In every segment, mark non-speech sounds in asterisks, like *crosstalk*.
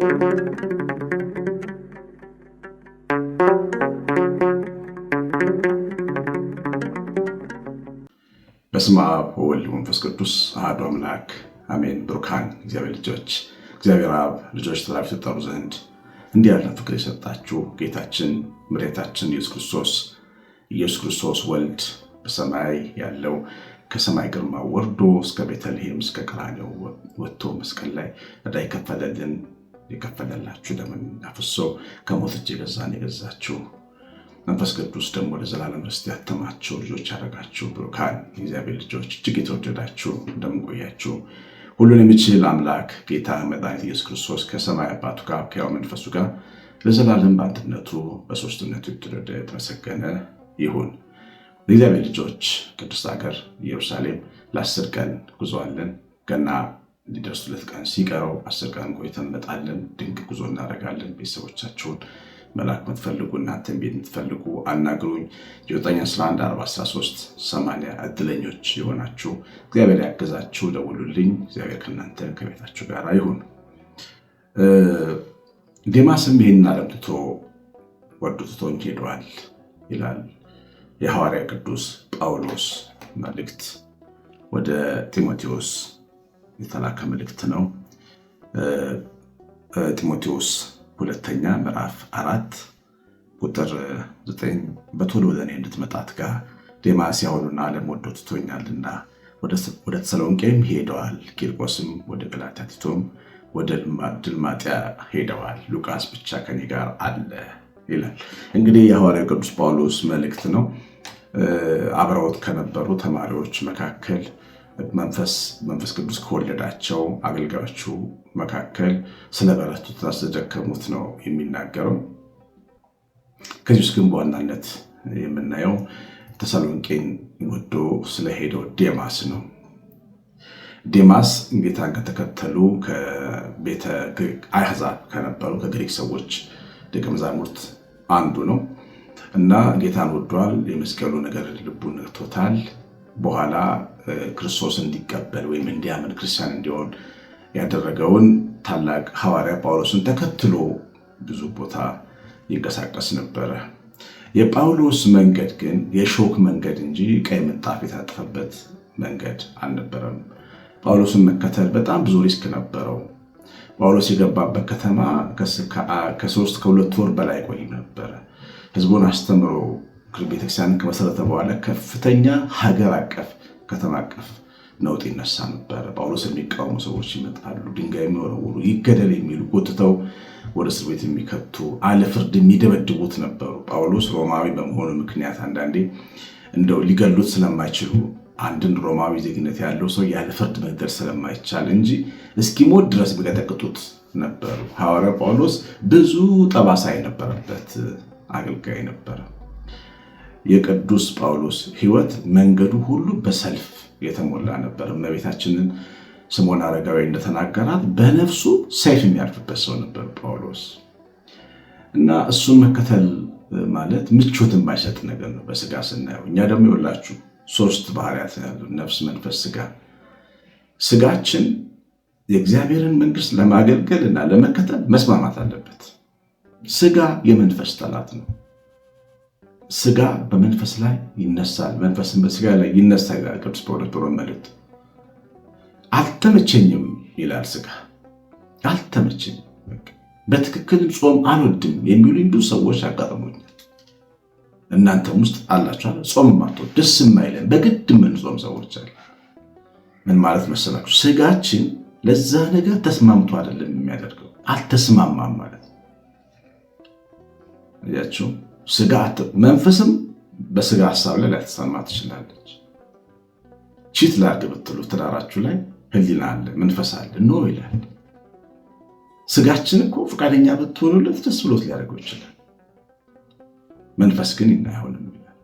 በስመ አብ ወወልድ ወመንፈስ ቅዱስ አሐዱ አምላክ አሜን። ብሩካን እግዚአብሔር ልጆች እግዚአብሔር አብ ልጆች ተላፊ ተጠሩ ዘንድ እንዲህ ያለ ፍቅር የሰጣችሁ ጌታችን ምሬታችን ኢየሱስ ክርስቶስ ኢየሱስ ክርስቶስ ወልድ በሰማይ ያለው ከሰማይ ግርማ ወርዶ እስከ ቤተልሔም እስከ ቀራንዮ ወጥቶ መስቀል ላይ ዕዳ የከፈለልን የከፈለላችሁ ደምን አፍሶ ከሞት እጅ የገዛን የገዛችሁ መንፈስ ቅዱስ ደግሞ ለዘላለም ርስት ያተማችሁ ልጆች ያደረጋችሁ ብሩካን የእግዚአብሔር ልጆች እጅግ የተወደዳችሁ እንደምንቆያችሁ ሁሉን የሚችል አምላክ ጌታ መድኃኒት ኢየሱስ ክርስቶስ ከሰማይ አባቱ ጋር ከያው መንፈሱ ጋር ለዘላለም በአንድነቱ በሶስትነቱ የተወደደ የተመሰገነ ይሁን። የእግዚአብሔር ልጆች ቅዱስ ሀገር ኢየሩሳሌም ለአስር ቀን ጉዞ አለን ገና እንዲደርሱ ሁለት ቀን ሲቀረው አስር ቀን ቆይተን እንመጣለን። ድንቅ ጉዞ እናደርጋለን። ቤተሰቦቻቸውን መላክ የምትፈልጉ እናንተን ቤት የምትፈልጉ አናግሩኝ። 91143 80 እድለኞች የሆናችሁ እግዚአብሔር ያገዛችሁ ደውሉልኝ። እግዚአብሔር ከእናንተ ከቤታችሁ ጋር ይሁን። ዴማስም ይህን ዓለም ትቶ ወዶ ሄደዋል ይላል የሐዋርያ ቅዱስ ጳውሎስ መልእክት ወደ ጢሞቴዎስ የተላከ መልእክት ነው። ጢሞቴዎስ ሁለተኛ ምዕራፍ አራት ቁጥር ዘጠኝ በቶሎ ወደ እኔ እንድትመጣት ጋር ዴማስ ያውሉና ዓለም ወዶ ትቶኛልና ወደ ተሰሎንቄም ሄደዋል። ቂርቆስም ወደ ገላትያ፣ ቲቶም ወደ ድልማጥያ ሄደዋል። ሉቃስ ብቻ ከኔ ጋር አለ ይላል። እንግዲህ የሐዋርያው ቅዱስ ጳውሎስ መልእክት ነው። አብረውት ከነበሩ ተማሪዎች መካከል መንፈስ ቅዱስ ከወለዳቸው አገልጋዮቹ መካከል ስለበረቱት ስለደከሙት ነው የሚናገረው። ከዚህ ውስጥ ግን በዋናነት የምናየው ተሰሎንቄን ወዶ ስለሄደው ዴማስ ነው። ዴማስ ጌታን ከተከተሉ ከቤተ አሕዛብ ከነበሩ ከግሪክ ሰዎች ደቀ መዛሙርት አንዱ ነው እና ጌታን ወዷል። የመስቀሉ ነገር ልቡን ነክቶታል። በኋላ ክርስቶስ እንዲቀበል ወይም እንዲያምን ክርስቲያን እንዲሆን ያደረገውን ታላቅ ሐዋርያ ጳውሎስን ተከትሎ ብዙ ቦታ ይንቀሳቀስ ነበረ። የጳውሎስ መንገድ ግን የሾክ መንገድ እንጂ ቀይ ምንጣፍ የታጠፈበት መንገድ አልነበረም። ጳውሎስን መከተል በጣም ብዙ ሪስክ ነበረው። ጳውሎስ የገባበት ከተማ ከሶስት ከሁለት ወር በላይ ቆይ ነበረ። ህዝቡን አስተምሮ ቤተክርስቲያን ከመሰረተ በኋላ ከፍተኛ ሀገር አቀፍ ከተማ አቀፍ ነውጥ ይነሳ ነበረ። ጳውሎስ የሚቃወሙ ሰዎች ይመጣሉ፣ ድንጋይ የሚወረውሩ ይገደል የሚሉ ጎትተው ወደ እስር ቤት የሚከቱ አለ ፍርድ የሚደበድቡት ነበሩ። ጳውሎስ ሮማዊ በመሆኑ ምክንያት አንዳንዴ እንደው ሊገሉት ስለማይችሉ አንድን ሮማዊ ዜግነት ያለው ሰው ያለ ፍርድ መግደል ስለማይቻል እንጂ እስኪሞት ድረስ የሚቀጠቅጡት ነበሩ። ሐዋርያ ጳውሎስ ብዙ ጠባሳ የነበረበት አገልጋይ ነበረ። የቅዱስ ጳውሎስ ህይወት መንገዱ ሁሉ በሰልፍ የተሞላ ነበር። እመቤታችንን ስምዖን አረጋዊ እንደተናገራት በነፍሱ ሰይፍ የሚያርፍበት ሰው ነበር ጳውሎስ እና እሱን መከተል ማለት ምቾት የማይሰጥ ነገር ነው በስጋ ስናየው። እኛ ደግሞ ይወላችሁ ሶስት ባህሪያት ያሉ ነፍስ፣ መንፈስ፣ ስጋ። ስጋችን የእግዚአብሔርን መንግስት ለማገልገል እና ለመከተል መስማማት አለበት። ስጋ የመንፈስ ጠላት ነው። ስጋ በመንፈስ ላይ ይነሳል፣ መንፈስን በስጋ ላይ ይነሳል ይላል ቅዱስ ጳውሎስ በሮሜ መልእክት። አልተመቸኝም ይላል ስጋ አልተመቸኝም፣ በትክክል ጾም አልወድም የሚሉኝ ብዙ ሰዎች አጋጥሞኛል። እናንተም ውስጥ አላችኋል። ጾም ማቶ ደስ የማይለን በግድ የምንጾም ሰዎች አለ። ምን ማለት መሰላችሁ? ስጋችን ለዛ ነገር ተስማምቶ አይደለም የሚያደርገው፣ አልተስማማም ማለት ያቸው ስጋ መንፈስም በስጋ ሀሳብ ላይ ላትሰማ ትችላለች። ቺት ላድርግ ብትሉ ትዳራችሁ ላይ ህሊና አለ መንፈስ አለ ኖ ይላል። ስጋችን እኮ ፈቃደኛ ብትሆኑለት ደስ ብሎት ሊያደርገው ይችላል። መንፈስ ግን አይሆንም ይላል።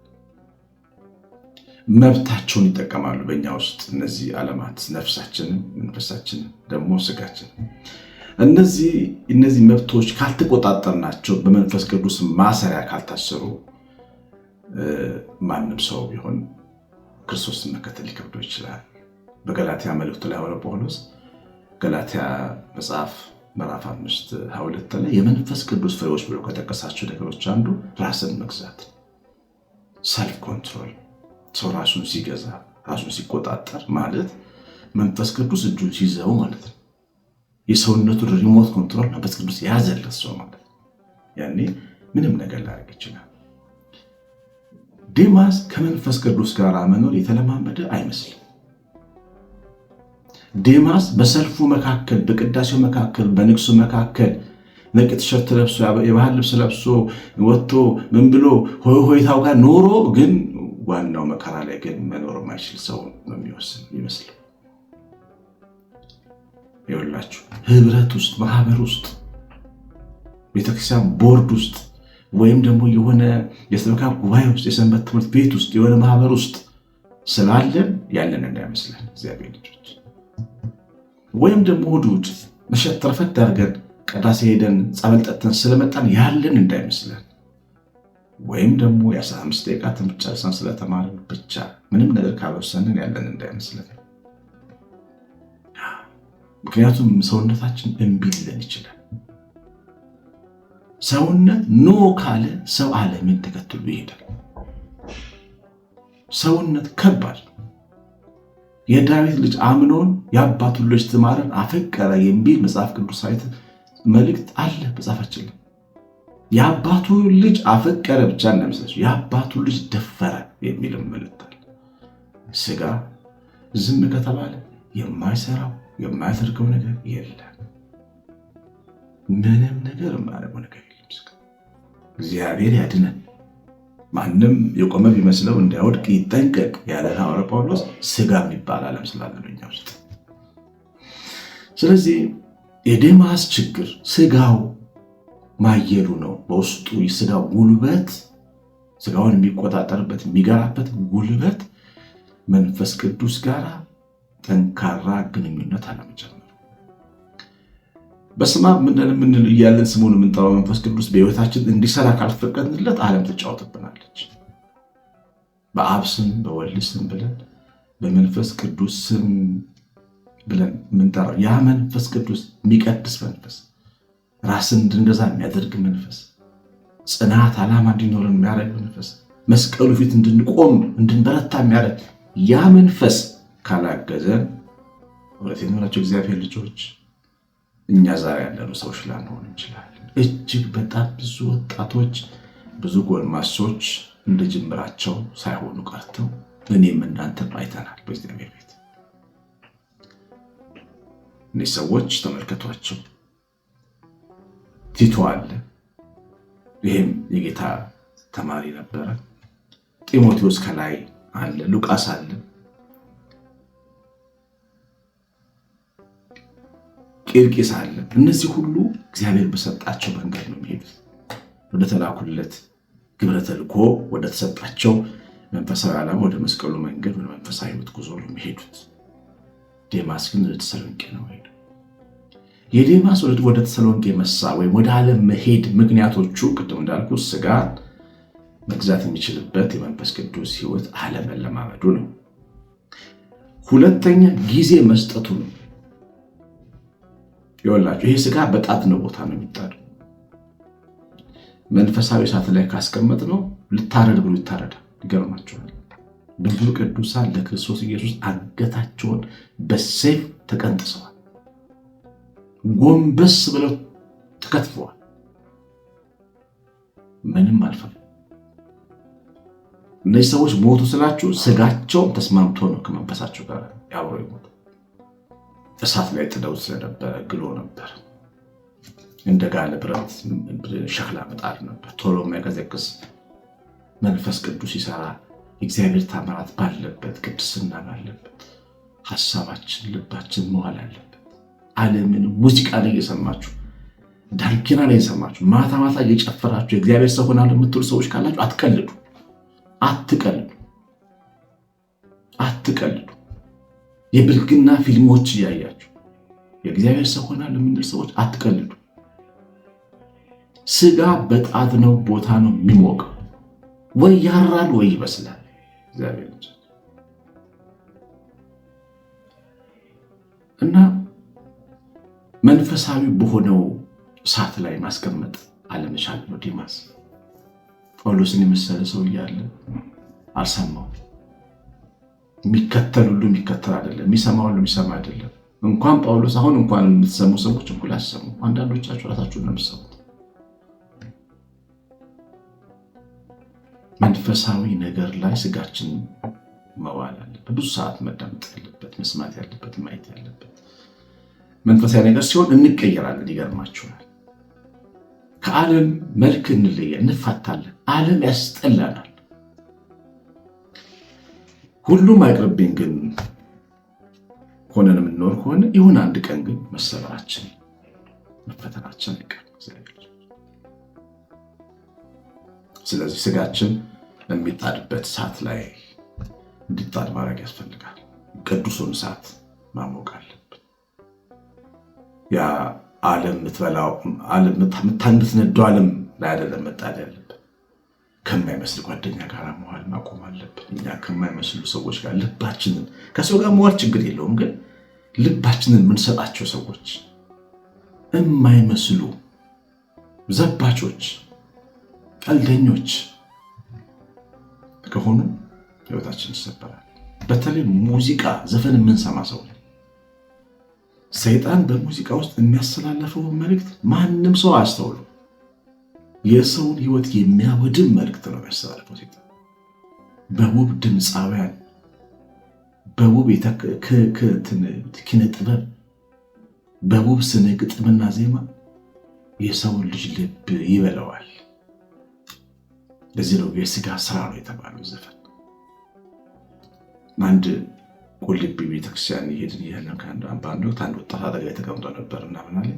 መብታቸውን ይጠቀማሉ በእኛ ውስጥ እነዚህ ዓለማት ነፍሳችንን፣ መንፈሳችንን ደግሞ ስጋችንን እነዚህ እነዚህ መብቶች ካልተቆጣጠርናቸው በመንፈስ ቅዱስ ማሰሪያ ካልታሰሩ ማንም ሰው ቢሆን ክርስቶስን መከተል ሊከብደው ይችላል። በገላትያ መልእክቱ ላይ ሆነ ጳውሎስ ገላትያ መጽሐፍ ምዕራፍ አምስት ሁለት ላይ የመንፈስ ቅዱስ ፍሬዎች ብሎ ከጠቀሳቸው ነገሮች አንዱ ራስን መግዛት፣ ሰልፍ ኮንትሮል፣ ሰው ራሱን ሲገዛ ራሱን ሲቆጣጠር ማለት መንፈስ ቅዱስ እጁን ሲይዘው ማለት ነው። የሰውነቱን ሪሞት ኮንትሮል መንፈስ ቅዱስ ያዘለት ሰው ማለት ያኔ ምንም ነገር ላደርግ ይችላል። ዴማስ ከመንፈስ ቅዱስ ጋር መኖር የተለማመደ አይመስልም። ዴማስ በሰልፉ መካከል፣ በቅዳሴው መካከል፣ በንግሱ መካከል ነጭ ቲሸርት ለብሶ የባህል ልብስ ለብሶ ወጥቶ ምን ብሎ ሆይታው ጋር ኖሮ ግን ዋናው መከራ ላይ ግን መኖር የማይችል ሰው ነው የሚወስን ይመስል ይወላችሁ ህብረት ውስጥ ማህበር ውስጥ ቤተክርስቲያን ቦርድ ውስጥ ወይም ደግሞ የሆነ የሰበካ ጉባኤ ውስጥ የሰንበት ትምህርት ቤት ውስጥ የሆነ ማህበር ውስጥ ስላለን ያለን እንዳይመስለን እግዚአብሔር ልጆች ወይም ደግሞ እሑድ እሑድ መሸት ተረፈት አድርገን ቀዳሴ ሄደን ጸበል ጠጥተን ስለመጣን ያለን እንዳይመስለን ወይም ደግሞ የ15 ደቂቃ ትምህርት ጨርሰን ስለተማርን ብቻ ምንም ነገር ካበሰንን ያለን እንዳይመስለን ምክንያቱም ሰውነታችን እምቢ ሊለን ይችላል። ሰውነት ኖ ካለ ሰው ዓለምን ተከትሎ ይሄዳል። ሰውነት ከባድ የዳዊት ልጅ አምኖን የአባቱ ልጅ ትማረን አፈቀረ የሚል መጽሐፍ ቅዱሳዊ መልእክት አለ መጽሐፋችን ላይ። የአባቱ ልጅ አፈቀረ ብቻ እንደምሰች የአባቱ ልጅ ደፈረ የሚልም መልእክት አለ። ስጋ ዝም ከተባለ የማይሰራው የማያደርገው ነገር የለም። ምንም ነገር የማደርገው ነገር የለም። እግዚአብሔር ያድነን። ማንም የቆመ ቢመስለው እንዳይወድቅ ይጠንቀቅ ያለ ሐዋርያ ጳውሎስ ስጋ የሚባል ዓለም ስላለ እኛ ውስጥ። ስለዚህ የዴማስ ችግር ስጋው ማየሉ ነው። በውስጡ ስጋ ጉልበት፣ ስጋውን የሚቆጣጠርበት የሚገራበት ጉልበት መንፈስ ቅዱስ ጋር ጠንካራ ግንኙነት አለመጀመር። በስመ አብ ምንል ምንል እያለን ስሙን የምንጠራው መንፈስ ቅዱስ በህይወታችን እንዲሰራ ካልፈቀድንለት ዓለም ትጫወትብናለች። በአብ ስም በወልድ ስም ብለን በመንፈስ ቅዱስ ስም ብለን የምንጠራው ያ መንፈስ ቅዱስ የሚቀድስ መንፈስ፣ ራስን እንድንገዛ የሚያደርግ መንፈስ፣ ጽናት ዓላማ እንዲኖረን የሚያደርግ መንፈስ፣ መስቀሉ ፊት እንድንቆም እንድንበረታ የሚያደርግ ያ መንፈስ ካላገዘን እውነቴን የምላቸው እግዚአብሔር ልጆች እኛ ዛሬ ያለነው ሰዎች ላንሆን እንችላለን። እጅግ በጣም ብዙ ወጣቶች፣ ብዙ ጎልማሶች እንደ ጅምራቸው ሳይሆኑ ቀርተው እኔም እናንተም አይተናል በእግዚአብሔር ቤት። እነዚህ ሰዎች ተመልከቷቸው። ቲቶ አለ፣ ይህም የጌታ ተማሪ ነበረ። ጢሞቴዎስ ከላይ አለ፣ ሉቃስ አለ ቂርቂስ አለ። እነዚህ ሁሉ እግዚአብሔር በሰጣቸው መንገድ ነው የሚሄዱት ወደ ተላኩለት ግብረ ተልኮ ወደ ተሰጣቸው መንፈሳዊ ዓላማ ወደ መስቀሉ መንገድ ወደ መንፈሳዊ ሕይወት ጉዞ ነው የሚሄዱት። ዴማስ ግን ወደ ተሰሎንቄ ነው ሄዱ። የዴማስ ወደ ተሰሎንቄ መሳ ወይም ወደ ዓለም መሄድ ምክንያቶቹ ቅድም እንዳልኩ ስጋ መግዛት የሚችልበት የመንፈስ ቅዱስ ሕይወት አለመለማመዱ ነው። ሁለተኛ ጊዜ መስጠቱ ነው። ይወላችሁ ይህ ስጋ ነው ቦታ ነው የሚጣደው። መንፈሳዊ እሳት ላይ ካስቀመጥ ነው ልታረድ ብሎ ይታረዳል። ይገርማቸዋል። ብዙ ቅዱሳን ለክርስቶስ ኢየሱስ አንገታቸውን በሰይፍ ተቀንጥሰዋል። ጎንበስ ብለው ተከትፈዋል። ምንም አልፈል እነዚህ ሰዎች ሞቱ ስላችሁ ስጋቸውም ተስማምቶ ነው ከመንፈሳቸው ጋር ያብሮ ይሞቱ እሳት ላይ ጥደው ስለነበረ ግሎ ነበር። እንደ ጋለ ብረት ሸክላ ምጣድ ነበር። ቶሎ የሚያቀዘቅዝ መንፈስ ቅዱስ ይሰራ እግዚአብሔር ታምራት ባለበት ቅድስና ባለበት ሀሳባችን ልባችን መዋል አለበት። ዓለምን ሙዚቃ ላይ እየሰማችሁ ዳንኪና ላይ እየሰማችሁ ማታ ማታ እየጨፈራችሁ የእግዚአብሔር ሰው ሆናለሁ የምትሉ ሰዎች ካላችሁ አትቀልዱ፣ አትቀልዱ፣ አትቀልዱ። የብልግና ፊልሞች እያያችሁ የእግዚአብሔር ሰው ሆና ሰዎች አትቀልዱ። ስጋ በጣት ነው ቦታ ነው የሚሞቀው፣ ወይ ያራል ወይ ይበስላል። እግዚአብሔር እና መንፈሳዊ በሆነው እሳት ላይ ማስቀመጥ አለመቻል ነው። ዲማስ ጳውሎስን የመሰለ ሰው እያለ አልሰማው የሚከተል ሁሉ የሚከተል አይደለም። የሚሰማ ሁሉ የሚሰማ አይደለም። እንኳን ጳውሎስ አሁን እንኳን የምትሰሙ ሰዎች እኩል አሰሙ። አንዳንዶቻችሁ ራሳችሁ ነው የምትሰሙት። መንፈሳዊ ነገር ላይ ስጋችን መዋል አለበት። ብዙ ሰዓት መዳመጥ ያለበት መስማት ያለበት ማየት ያለበት መንፈሳዊ ነገር ሲሆን እንቀየራለን። ይገርማችኋል። ከዓለም መልክ እንለያ እንፋታለን። ዓለም ያስጠላናል። ሁሉም አይቅርብኝ ግን ሆነን የምንኖር ከሆነ ይሁን አንድ ቀን ግን መሰበራችን መፈተናችን አይቀርም። ስለዚህ ስጋችን የሚጣድበት እሳት ላይ እንዲጣድ ማድረግ ያስፈልጋል። ቅዱሱን እሳት ማሞቅ አለብን። ያ ዓለም የምትበላው ነዱ ዓለም ላይ አይደለም መጣድ ያለብን ከማይመስል ጓደኛ ጋር መዋል ማቆም አለብን። እኛ ከማይመስሉ ሰዎች ጋር ልባችንን ከሰው ጋር መዋል ችግር የለውም፣ ግን ልባችንን የምንሰጣቸው ሰዎች የማይመስሉ ዘባቾች፣ ቀልደኞች ከሆኑ ህይወታችን ይሰበራል። በተለይ ሙዚቃ፣ ዘፈን የምንሰማ ሰው ላይ ሰይጣን በሙዚቃ ውስጥ የሚያስተላለፈውን መልእክት ማንም ሰው አያስተውሉ። የሰውን ህይወት የሚያወድም መልእክት ነው ያስተላልፈው። ሴጣን በውብ ድምፃውያን፣ በውብ ኪነ ጥበብ፣ በውብ ስነ ግጥምና ዜማ የሰውን ልጅ ልብ ይበለዋል። ለዚህ ነው የስጋ ስራ ነው የተባለው ዘፈን። አንድ ቁልቢ ቤተክርስቲያን ይሄድን እያለን ከአንድ ወቅት አንድ ወጣት አጠገቤ ተቀምጦ ነበር እና ምን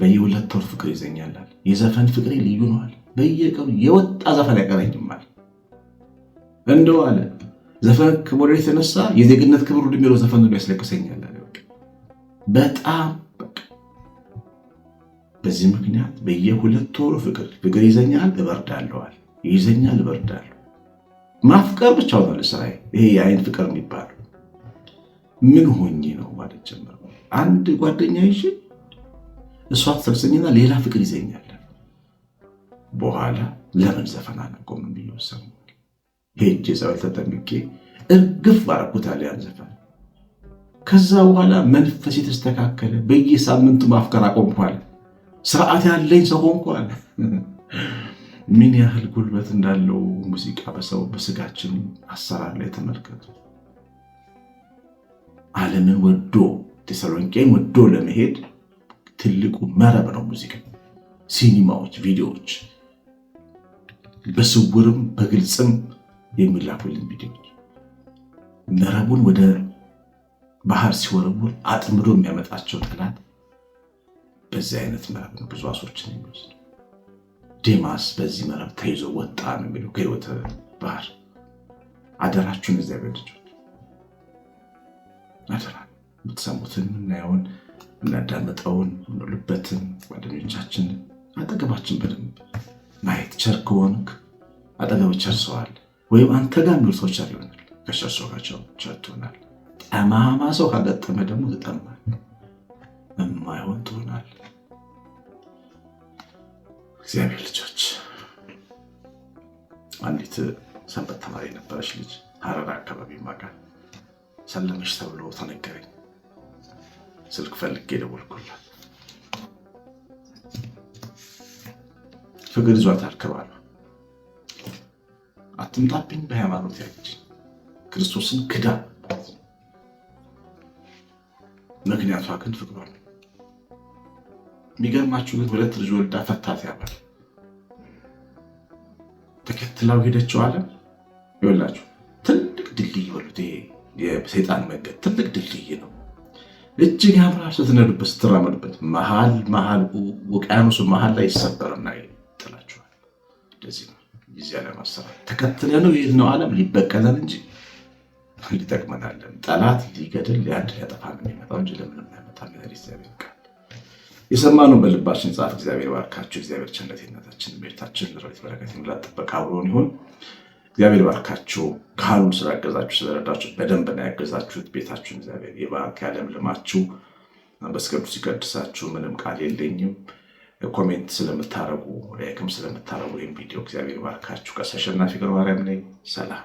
በየሁለት ወር ፍቅር ይዘኛላል። የዘፈን ፍቅሬ ልዩ ነዋል። በየቀኑ የወጣ ዘፈን አይቀረኝማል። እንደው አለ ዘፈን ክብር የተነሳ የዜግነት ክብር የሚለው ዘፈን ነው ያስለቅሰኛል። በጣም በዚህ ምክንያት በየሁለት ወሩ ፍቅር ፍቅር ይዘኛል እበርዳለዋል፣ ይዘኛል እበርዳለሁ። ማፍቀር ብቻ ሆነ ስራዬ። ይሄ የአይን ፍቅር የሚባለው ምን ሆኜ ነው ማለት ጀመር አንድ ጓደኛ ይሽን እሷ ትሰብሰኝና ሌላ ፍቅር ይዘኛል። በኋላ ለምን ዘፈን አላቆምም ብዬ ወሰንኩ። ሄጅ ጸበል ተጠምቄ እርግፍ አደረኩት ያን ዘፈን። ከዛ በኋላ መንፈስ የተስተካከለ በየሳምንቱ ማፍቀር አቆምኳል። ስርዓት ያለኝ ሰው ሆንኳል። *laughs* ምን ያህል ጉልበት እንዳለው ሙዚቃ በሰው በስጋችን አሰራር ላይ ተመልከቱ። ዓለምን ወዶ ተሰሎንቄን ወዶ ለመሄድ ትልቁ መረብ ነው ሙዚቃ። ሲኒማዎች፣ ቪዲዮዎች በስውርም በግልጽም የሚላኩልን ቪዲዮዎች መረቡን ወደ ባህር ሲወረውር አጥምዶ የሚያመጣቸው ጠላት በዚህ አይነት መረብ ነው ብዙ አሶችን የሚወስድ። ዴማስ በዚህ መረብ ተይዞ ወጣ ነው የሚለው ከህይወተ ባህር። አደራችሁን እዚያ በልጆች አደራ የምትሰሙትን የምናየውን የምናዳምጠውን የምንውልበትን ጓደኞቻችን አጠገባችን በደንብ ማየት። ቸር ከሆንክ አጠገብ ቸርሰዋል ወይም አንተ ጋር የሚውል ሰው ቸር ይሆናል። ከቸር ቸር ትሆናል። ጠማማ ሰው ካጋጠመ ደግሞ ትጠማል፣ የማይሆን ትሆናል። እግዚአብሔር ልጆች፣ አንዲት ሰንበት ተማሪ የነበረች ልጅ ሀረር አካባቢ ማቃ ሰለመች ተብሎ ተነገረኝ። ስልክ ፈልጌ ደወልኩላት። ፍቅር ይዟታል ከባሏ። አትምጣብኝ በሃይማኖት ያች ክርስቶስን ክዳ። ምክንያቷ ግን ፍቅሯ ነው። የሚገርማችሁ ግን ሁለት ልጅ ወልዳ ፈታት ያባል ተከትላው ሄደችው አለም ይወላችሁ ትልቅ ድልድይ በሉት ይሄ የሰይጣን መንገድ ትልቅ ድልድይ ነው። እጅግ ያምራል። ስትነዱበት ስትራመዱበት መሀል መሀል ውቅያኖሱ መሀል ላይ ይሰበርና ይጥላችኋል። እንደዚህ ነው ጊዜ ለማሰራት ተከትለ ነው ይህ ነው ዓለም ሊበቀለን እንጂ ሊጠቅመናለን። ጠላት ሊገድል ሊያንድ ሊያጠፋ ነው የሚመጣው እንጂ ለምንም ያመጣ ነገር እግዚአብሔር ቃል የሰማነውን በልባችን ጻፍ። እግዚአብሔር ባርካችሁ። እግዚአብሔር ቸነት ነታችን ቤታችን ረት በረከት ይሙላ። ጥበቃ አብሮን ይሁን። እግዚአብሔር ባርካችሁ። ካሉን ስላገዛችሁ ስለረዳችሁ በደንብ ና ያገዛችሁት። ቤታችሁን እግዚአብሔር የባርክ ያለምልማችሁ። መንፈስ ቅዱስ ይቀድሳችሁ። ምንም ቃል የለኝም። ኮሜንት ስለምታረጉ ላይክም ስለምታረጉ ይህም ቪዲዮ እግዚአብሔር ባርካችሁ። ቀሲስ አሸናፊ ገብረ ማርያም ነኝ። ሰላም